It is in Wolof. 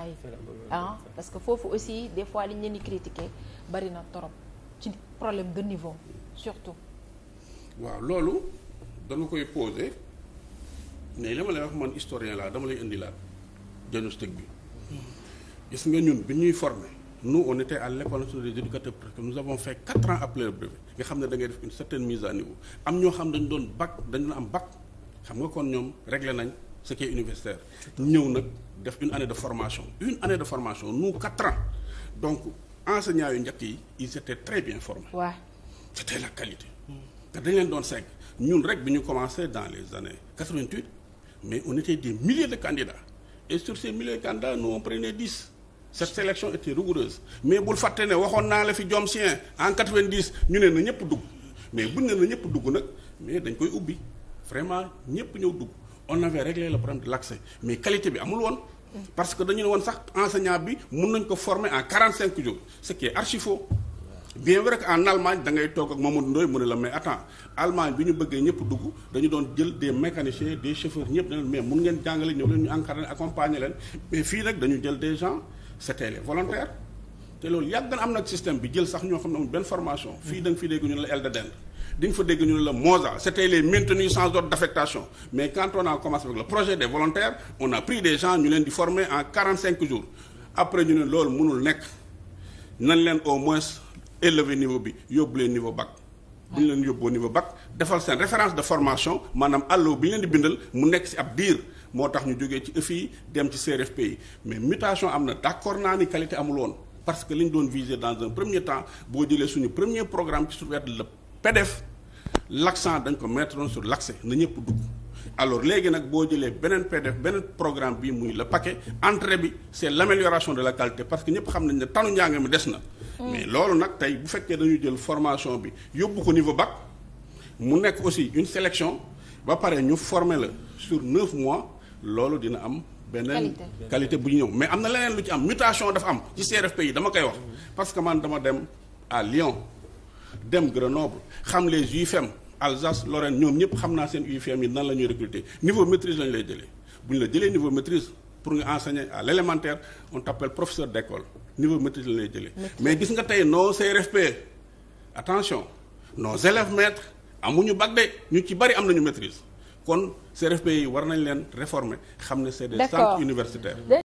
enseignants ah, parce que foofu aussi des fois li ñu leen di critiquer bari na trop ci problème de niveau surtout waaw loolu dama koy poser mais li ma lay wax man historien laa dama lay indi laa diagnostic bi gis nga ñun bi ñuy formé nous on était à l'école nationale des éducateurs parce que nous avons fait quatre ans après brevet nga xam ne da ngay def une certaine mise à niveau am ñoo xam dañ doon bac dañu am bac xam nga kon ñoom réglé nañ ce qui ñëw nag def une année de formation une année de formation nous quatre donc enseignants yu njëkk yi ils étaient très bien formés waaw ouais. dañ leen doon segg ñun rek bi ñu commencé dans les années 88 mais on était des milliers de candidats et sur ces milliers de candidats nous on prenait 10 cette sélection était rigoureuse mais bul fàtte ne waxoon naa la fi jom sien en 90 ñu neen na ñëpp dugg mais buñ ne na ñëpp dugg nag mais dañ koy ubbi vraiment ñëpp ñëw dugg on avait réglé le problème de l'accès mais qualité bi amul woon. parce que dañu ne woon sax enseignant bi mun nañ ko former en cinq jours ce qui est archi faux. bien vrai que en Allemagne da ngay toog ak Mamadou Ndoye mu ne la mais attends Allemagne bi ñu bëggee ñëpp dugg dañu doon jël des mécaniciens des chauffeurs ñëpp ne leen mais mun ngeen jàngale ñëw leen ñu encadré accompagner leen mais fii nag dañu jël des gens c'était les volontaires. te loolu yàgg na am nag système bi jël sax ñoo xam ne amul benn formation fii da fi dégg ñu ne la aile de dinde di nga fa dégg ñu ne la MOSA c'était les maintenus sans ordre d'affectation mais quand on a commencé avec le projet des volontaires on a pris des gens ñu leen di former en 45 jours après ñu ne loolu mënul nekk nañ leen au moins élever niveau bi yóbbu leen niveau bac bu ñu leen yóbboo niveau bac defal seen référence de formation maanaam allo bi di bindal mu nekk ci ab diir moo tax ñu jógee ci EFI dem ci CRFP yi mais mutation am na d'accord naa ni qualité amul woon parce que li ñu doon viser dans un premier temps boo jëlee suñu premier programme qui s'appelle le PDEF l'accent dañ ko mettre sur l'accès na ñëpp dugg alors léegi nag boo jëlee beneen pedef beneen programme bi muy la paquet entrée bi c'est l'amélioration de la qualité parce que ñëpp xam nañ ne tanu njàng mi des na. Mm. mais loolu nag tey bu fekkee dañu jël formation bi yóbbu ko niveau bac mu nekk aussi une sélection ba pare ñu former la sur neuf mois loolu dina am. beneen qualité bu ñu ñëw mais am na leneen lu ci am mutation dafa am ci CRFP yi dama koy wax parce que man dama dem à Lyon dem Grenoble xam les UFM Alsace Lorraine ñoom ñëpp xam naa seen UFM yi nan la ñuy recruter niveau maîtrise la lay jëlee bu ñu la jëlee niveau maîtrise pour nga enseigner à l'élémentaire on t'appelle professeur d'école niveau maîtrise la lay jëlee mais gis nga tey nos CRFP attention nos élèves maîtres amuñu bac de ñu ci bari am nañu maîtrise kon CRFPE yi war nañ leen réformer xam ne c'est des centres universitaires